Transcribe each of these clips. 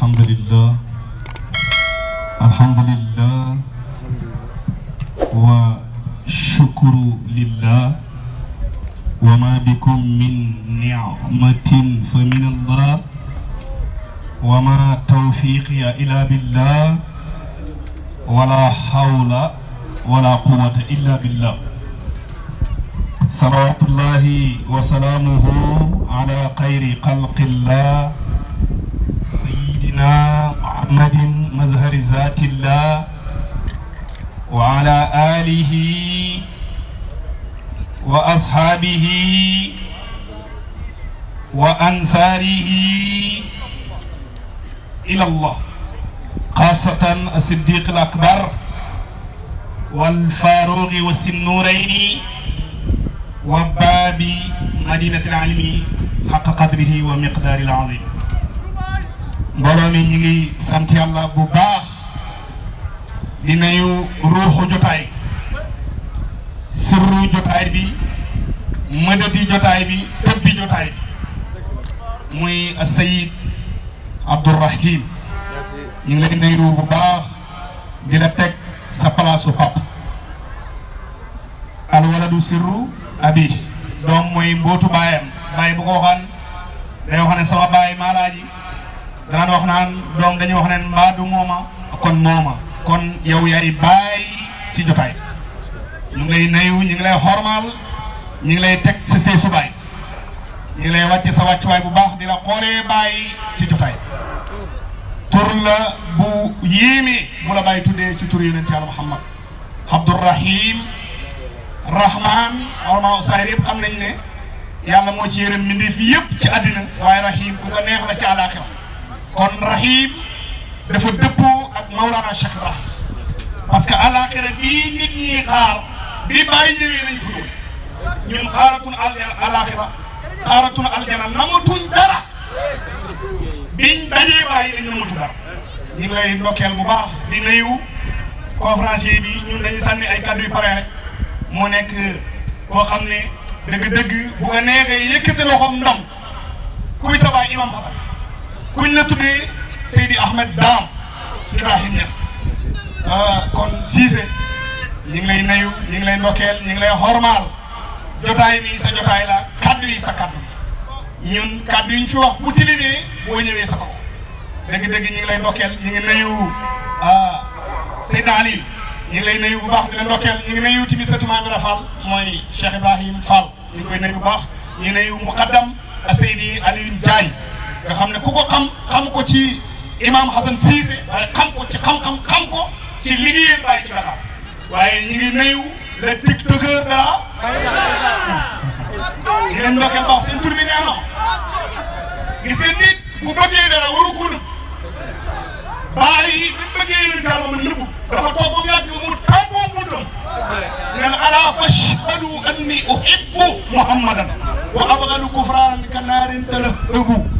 الحمد لله الحمد لله وشكر لله وما بكم من نعمة فمن الله وما توفيقي إلا بالله ولا حول ولا قوة إلا بالله صلوات الله وسلامه على خير خلق الله سيدنا محمد مظهر ذات الله وعلى آله وأصحابه وأنصاره إلى الله خاصة الصديق الأكبر والفاروق والسنورين وباب مدينة العلم حق قدره ومقدار العظيم mbooloo mi ñu ngi sant yàlla bu baax di nuyu ruuxu jotaay sirru jotaay bi mëdëti jotaay bi tëbbi jotaay muy Sayid Abdourahim ñu ngi lay nuyu bu baax di la teg sa palaasu pap alwaladu sirru abi doom mooy mbootu baayam baay bu ko waxaan sama baay maalaaj yi danaan wax naan donc dañu wax neen mbaa du kon moma kon yow yari bay si jotay ñu ngi lay nayu ñu ngi lay hormal ñu ngi lay tek ci see subaay ñu ngi lay wacc sa way bu baax dila xore bay si jotay turla bu yimi bu la bay tuddé ci tur yonent yàlla muhammad rahim rahman olma saahir yëpp xam nañ ne yalla mo ci mindi fi yëpp ci adina way rahim ku ko neex la ci àlaaxira kon rahim dafa dëppoo ak Maulana Cheikh Ibrahim parce que alaxira bii nit ñi xaar bi bàyyi ñëwee nañ fa ñun xaaratuñ alaxira xaaratuñ aljana namatuñ dara biñ dajee bàyyi nañ namatu dara ñu ngi lay ndokkeel bu baax di nuyu conférencier bi ñun dañu sànni ay kàddu yu pare rek moo nekk koo xam ne dëgg-dëgg bu ko neexee yëkkati loxoom kuñ la tuddee Seydi Ahmed Daam Ibrahim Niass ah kon Cissé ñu ngi lay nuyu ñu lay ndokkeel ñu ngi lay xormaal jotaay bi sa jotaay la kaddu yi sa kaddu ñun kaddu yi ñu fi wax bu tilimee boo ñëwee sa kaw dëgg-dëgg ñu ngi lay ndokkeel ñu ngi nuyu ah Seydina Aliou lay nuyu bu baax di la ndokkeel ñu ngi nuyu tamit mooy Cheikh Ibrahim Fall ñu koy nuyu bu baax ñu ngi nuyu muqaddam Seydi Aliou Ndiaye. nga xam ne ku ko xam xam ko ci imam Hassan Cissé waaye xam ko ci xam-xam xam ko ci liggéeyam bàyyi ci Dakar waaye ñu ngi nuyu le tiktoker de la. di leen ndokkeel baax seen tur bi nee na gis ngeen nit bu bëggee dara waru ko nëbb bàyyi bi bëggee yéen itam mu nëbb dafa toog ba mu yàgg mu tàmboo buntam nee na ala fashhadu anni uhibbu muhammadan wa abghadu kufranan ka naarin talahhabu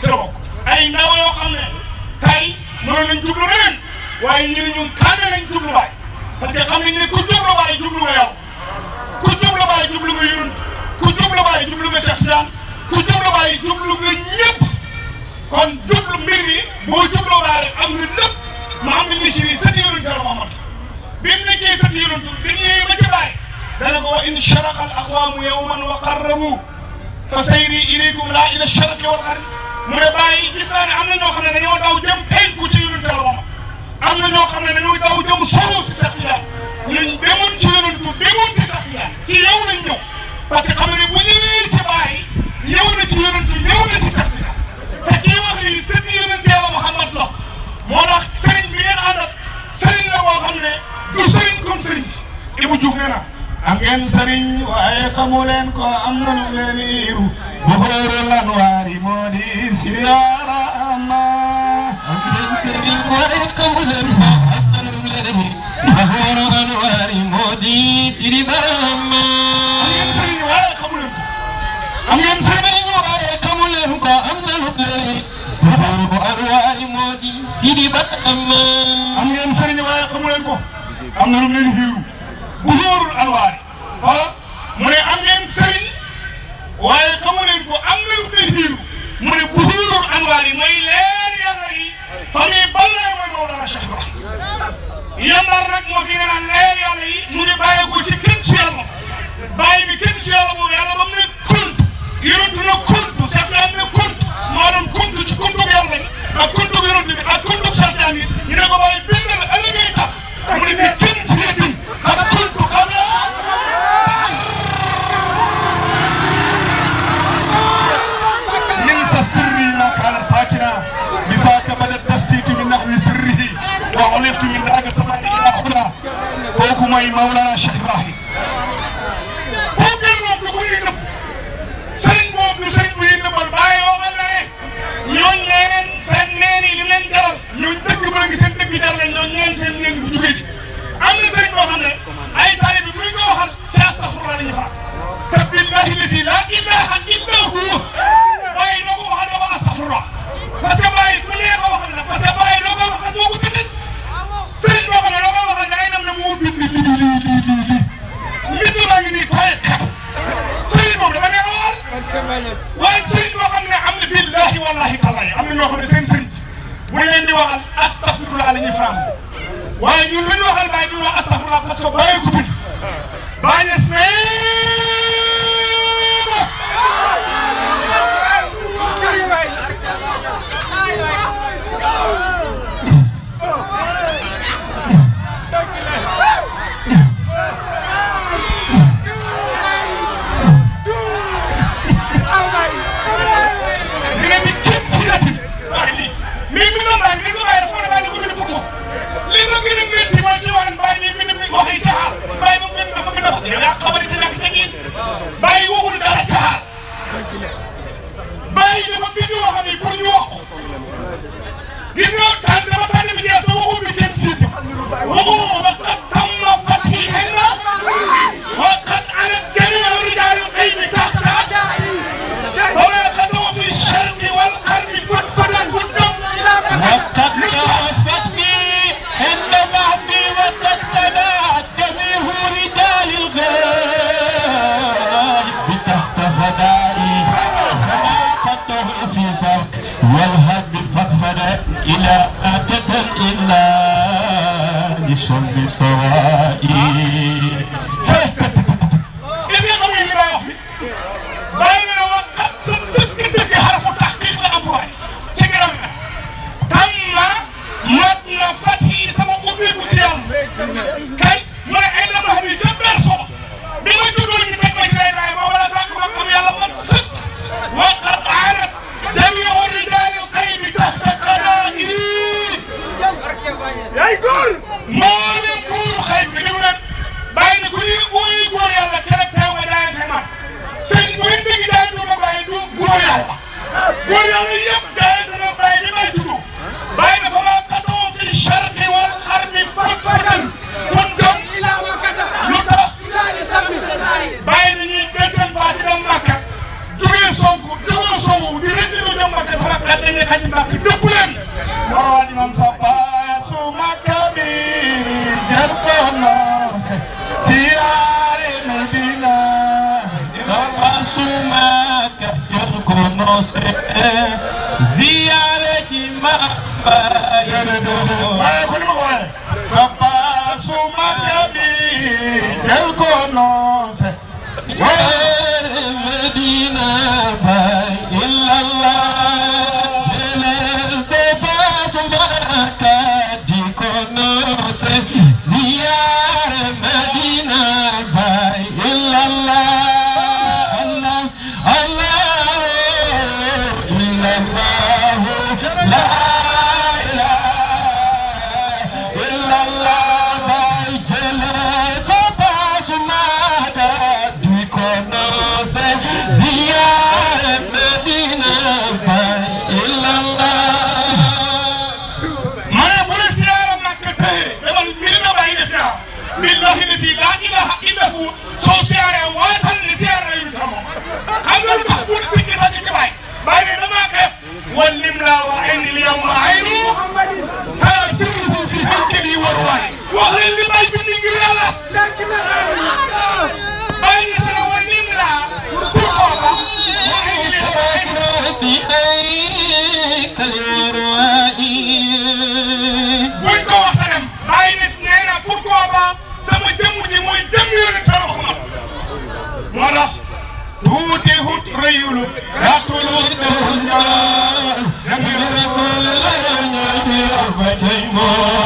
ci loxo ay ndaw yoo xam ne tey mënoon nañ jublu leneen waaye njëriñu kaane lañ jubluwaay parce que xam nañ ne ku jublu baay jublu nga yow ku jublu baay jublu nga yurun ku jublu baay jublu nga Cheikh Tidiane ku jublu baay jublu nga ñëpp kon jublu mbir mi boo jublu baay rek am nga lépp Mouhamadou Bichri sëti yurun ca Mouhamad bi mu nekkee sëti yurun bi mu ñëwee ba ci baay dana ko wa in sharaqa al aqwaamu yawman wa qarrabu fa sayri ilaykum laa ila sharaqi wal xarit mu ne bàyyi gis naa ne am na ñoo xam ne dañoo daw jëm penku ci yonent la moom am na ñoo xam ne dañoo daw jëm soowu ci sax yaa ñun demoon ci yonent demoon ci sax yaa ci yow lañ ñëw parce que xam ne bu ñëwee ci bàyyi ñëw na ci yonent ñëw na ci sax yaa te kii wax lii sëñ yonent Yàlla Muhammad la moo tax sëriñ bi ngeen àndat sëriñ la boo xam ne du sëriñ comme sëriñ si Ibou Diouf nee na am ngeen sëriñ waaye xamu leen ko am nanu leen yiiru buxóoru lan waari moo di siriyaara amma am ngeen sëriñ waaye xamu leen ko am nanu leen yiiru buxóoru lan waari moo di siriyaara amma am ngeen sëriñ waaye xamu leen ko am ngeen sëriñ waaye xamu leen ko am nanu leen yiiru buxóoru lan waari moo di siriyaara amma am ngeen sëriñ waaye xamu leen ko am nanu leen yiiru بذور الانوار more.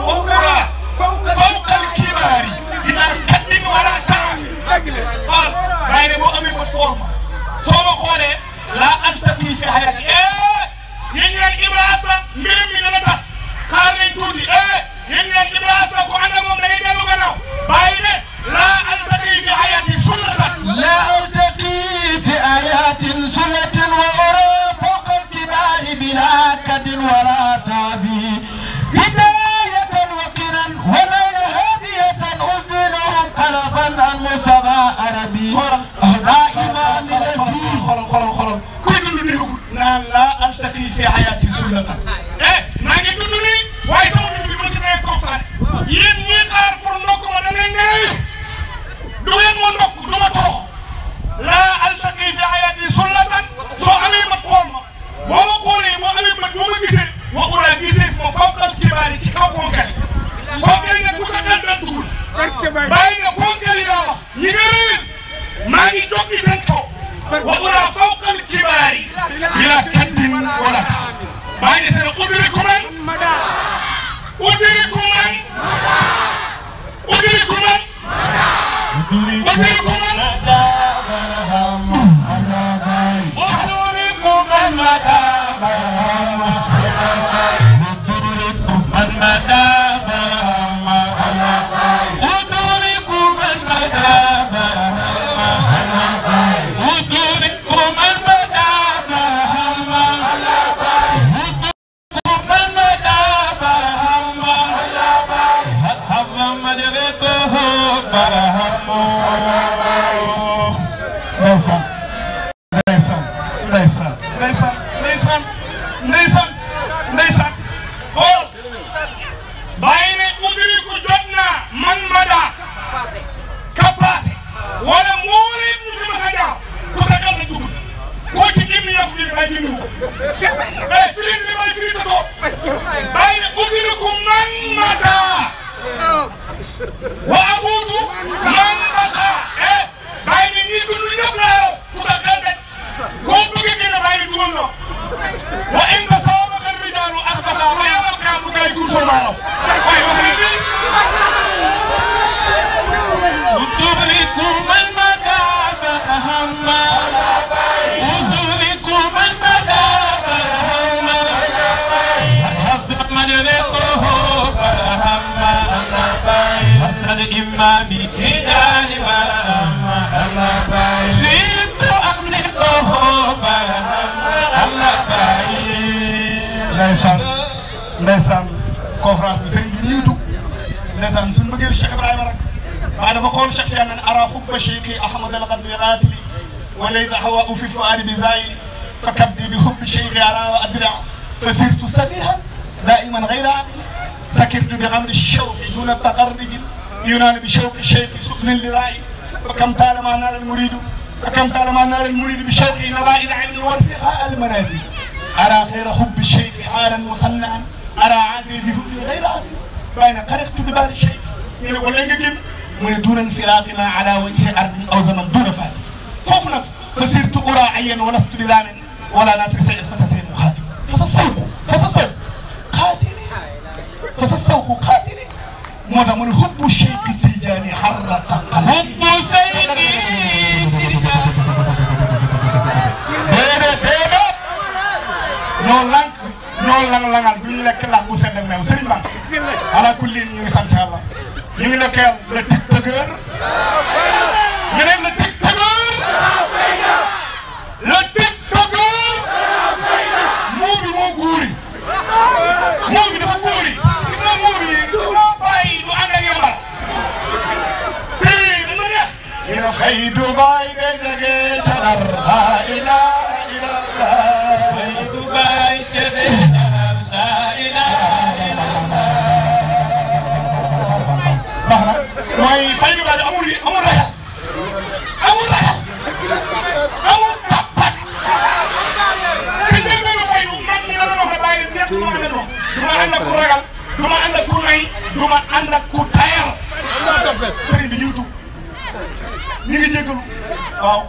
fi hayati eh yéen ñu leen Ibrahima Sall mbirum mi dana tas xaar nañ tuuti eh yéen ñu leen Ibrahima Sall ku ànd ak moom da ngay dellu gannaaw bàyyi ne laa altaqi fi hayati sunnatan laa altaqi fi hayatin sunnatan ما بكيان برهم الله باي شيد أمن الله برهم الله باي ndeysaan ndeysaan conférence bi sëriñ bi ñuy dugg ndeysaan suñu bëggee Cheikh Ibrahima rek waaye dafa xool Cheikh Cheikh naan ara xubba Cheikhi Ahmad al Qadri raatili وليس هواء في الفؤاد بزايل فكبدي بحب شيخ أرى وأدرع فسرت سفيها دائما غير عادل سكرت بغمر الشوق دون التقرب يونان بشوق الشيخ سكن لرائي فكم طالما نال المريد فكم طالما نال المريد بشوق لرائي عين وفقها المنازل أرى غير حب الشيخ حالا مصنعا أرى عازل في حبي غير عازل فأنا قلقت ببال الشيخ من أولين من دون انفراقنا على وجه أرض أو زمن دون فاسد فوفنا فصرت أرى عيا ولست بلام ولا ناتر سيد فسسير مخاطر فسسوق فسسوق قاتل فسسوق قاتل moo tax mu ne xubbu Cheikh Tidiane xarrata xubbu Seydi Tidiane déedéet déedéet ñoo lànk ñoo lang langal duñ lekk làkk bu sedd meew sëriñ Ba ala kulli ñu ngi sant yàlla ñu ngi ndokkeel لا إله إلا الله بيت بيت لا إله إلا الله واي فايق بعد أمري أمر رجل أمر رجل أمر تبت سيدنا ما فايق من من أنا ما بايد بيت ما أنا ما أنا كورجل ما أنا كورناي ما أنا كورتاير سيدنا بيوتو نيجي جيكلو واو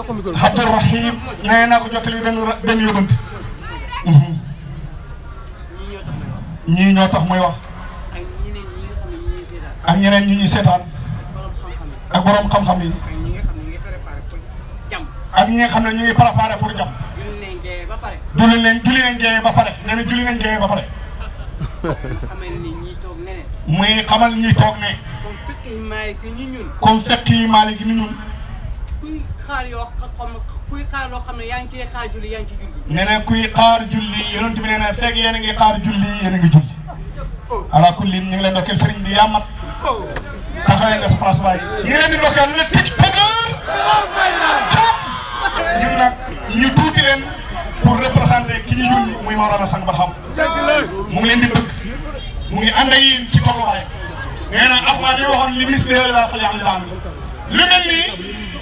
Abdourahim nee naa ko jottali benn benn yóbbante mhm. ñii ñoo tax muy wax ak ñeneen ñu ñuy seetaan ak borom xam-xam yi ak ñi nga xam ne ñu ngi préparé pour jàmm julli leen julli leen jeeye ba pare nee na julli leen jeeye ba pare muy xamal ñiy toog ne comme fekk yi maalik ni ñun xaar yoo xam kuy xaar loo xam ne yaa ngi ciy xaar julli yaa ngi ci julli. nee na kuy xaar julli yonent bi nee na fekk yéen a ngi xaar julli yéen a ngi julli. ala kulli ñu ngi leen dokkeel sëriñ bi yàmmat. taxawee nga sa place bàyyi. ñu ngi leen di dokkeel ne tëj pëgër. ñun nag ñu tuuti leen pour représenter ki ñu julli muy Maolana Sang Barham. mu ngi leen di bëgg. mu ngi ànd ak yéen ci tolluwaay. nee na Afaan yi waxoon li misli laa fa yàlla lu mel nii.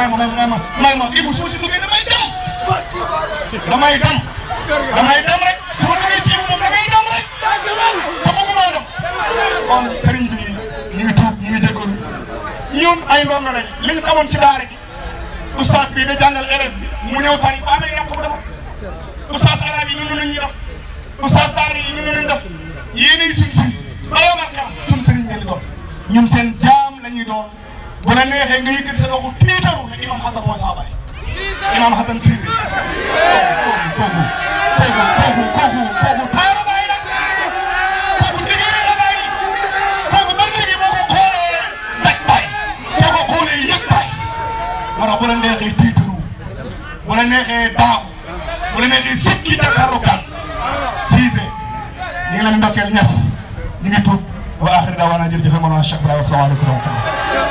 may ma may ma may ma may ma Ibou su ma si duggee damay dem. damay dem. damay dem rek su ma duggee ci Ibou moom damay dem rek. te bëgguma dem. kon sëriñ bi ñu ngi tuub ñu ngi jégalu ñun ay ndongo lañ li ñu xamoon ci daara gi oustaz bi da jàngal élève bi mu ñëw tari ba amee yàq bu defar oustaz arab yi ñun ñuy def oustaz daara yi ñun ñuy def yéenay suñ suñ balaa marka suñ sëriñ ngeen di doon ñun seen jaam la ñuy doon. bu la neexee nga yëkkati sa loxo tiitaru ne imam Xasan mooy saa baay imam Xasan Siise kooku kooku kooku kooku kooku taaru baay la kooku liggéey la baay kooku ba léegi boo ko xoolee daj baay boo ko xoolee yëg baay moo tax bu la neexee tiitaru bu la neexee daaw bu la neexee sikki Dakar kan Siise ñu ngi leen ndokkeel ñas ñu ngi tuub wa axir daawaana jërëjëf Cheikh Ibrahima asalaamaaleykum wa rahmatulah